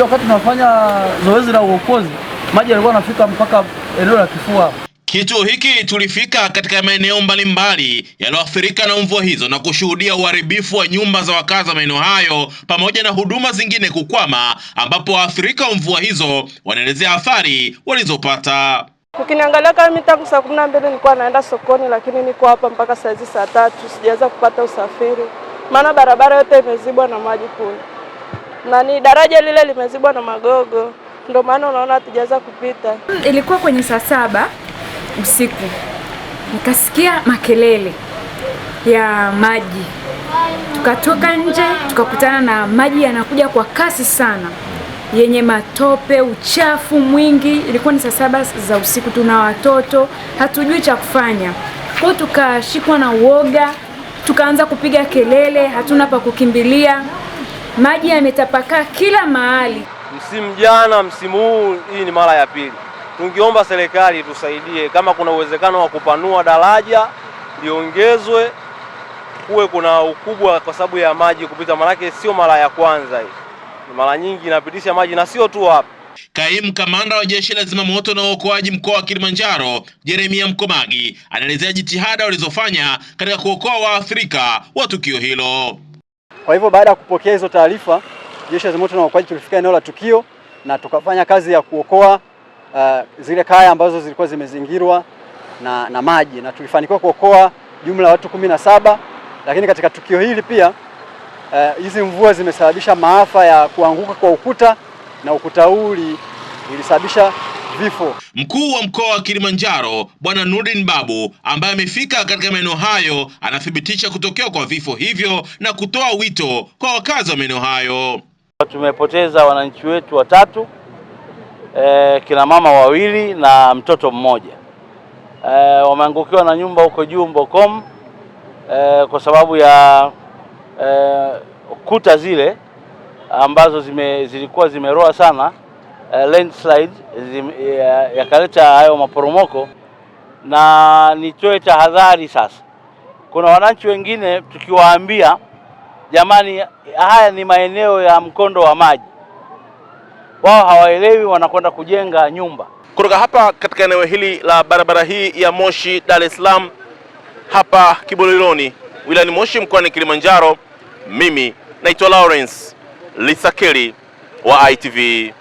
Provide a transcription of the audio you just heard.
Unajua wakati tunafanya zoezi la uokozi maji yalikuwa yanafika mpaka eneo la kifua. Kituo hiki tulifika katika maeneo mbalimbali yaliyoathirika na mvua hizo na kushuhudia uharibifu wa nyumba za wakazi wa maeneo hayo pamoja na huduma zingine kukwama, ambapo waathirika wa mvua hizo wanaelezea athari walizopata. Ukiniangalia kama mimi tangu saa kumi na mbili nilikuwa naenda sokoni, lakini niko hapa mpaka saa hizi saa tatu sijaweza kupata usafiri, maana barabara yote imezibwa na maji kule nani daraja lile limezibwa na magogo, ndio maana unaona hatujaweza kupita. Ilikuwa kwenye saa saba usiku nikasikia makelele ya maji, tukatoka nje tukakutana na maji yanakuja kwa kasi sana yenye matope, uchafu mwingi. Ilikuwa ni saa saba za usiku, tuna watoto, hatujui cha kufanya kwao, tukashikwa na uoga, tukaanza kupiga kelele, hatuna pa kukimbilia maji yametapakaa kila mahali. Msimu jana, msimu huu, hii ni mara ya pili. Tungeomba serikali tusaidie, kama kuna uwezekano wa kupanua daraja liongezwe, kuwe kuna ukubwa, kwa sababu ya maji kupita, maanake sio mara ya kwanza hii, mara nyingi inapitisha maji na sio tu hapa. Kaimu kamanda wa jeshi la zimamoto na uokoaji mkoa wa Kilimanjaro, Jeremia Mkomagi, anaelezea jitihada walizofanya katika kuokoa waathirika wa tukio hilo. Kwa hivyo baada ya kupokea hizo taarifa, jeshi la zimamoto na uokoaji tulifika eneo la tukio na tukafanya kazi ya kuokoa uh, zile kaya ambazo zilikuwa zimezingirwa na, na maji na tulifanikiwa kuokoa jumla ya watu kumi na saba, lakini katika tukio hili pia uh, hizi uh, mvua zimesababisha maafa ya kuanguka kwa ukuta na ukuta huu ulisababisha vifo. Mkuu wa mkoa wa Kilimanjaro Bwana Nurdin Babu, ambaye amefika katika maeneo hayo, anathibitisha kutokea kwa vifo hivyo na kutoa wito kwa wakazi wa maeneo hayo. Tumepoteza wananchi wetu watatu, e, kina mama wawili na mtoto mmoja e, wameangukiwa na nyumba huko juu Mbokom e, kwa sababu ya e, kuta zile ambazo zime, zilikuwa zimeroa sana uh, landslide yakaleta eh, yakaleta hayo maporomoko, na nitoe tahadhari sasa. Kuna wananchi wengine tukiwaambia, jamani, haya ni maeneo ya mkondo wa maji, wao hawaelewi, wanakwenda kujenga nyumba. Kutoka hapa katika eneo hili la barabara hii ya Moshi Dar es Salaam, hapa Kibololoni wilayani Moshi mkoani Kilimanjaro, mimi naitwa Lawrence Lisakeli wa ITV.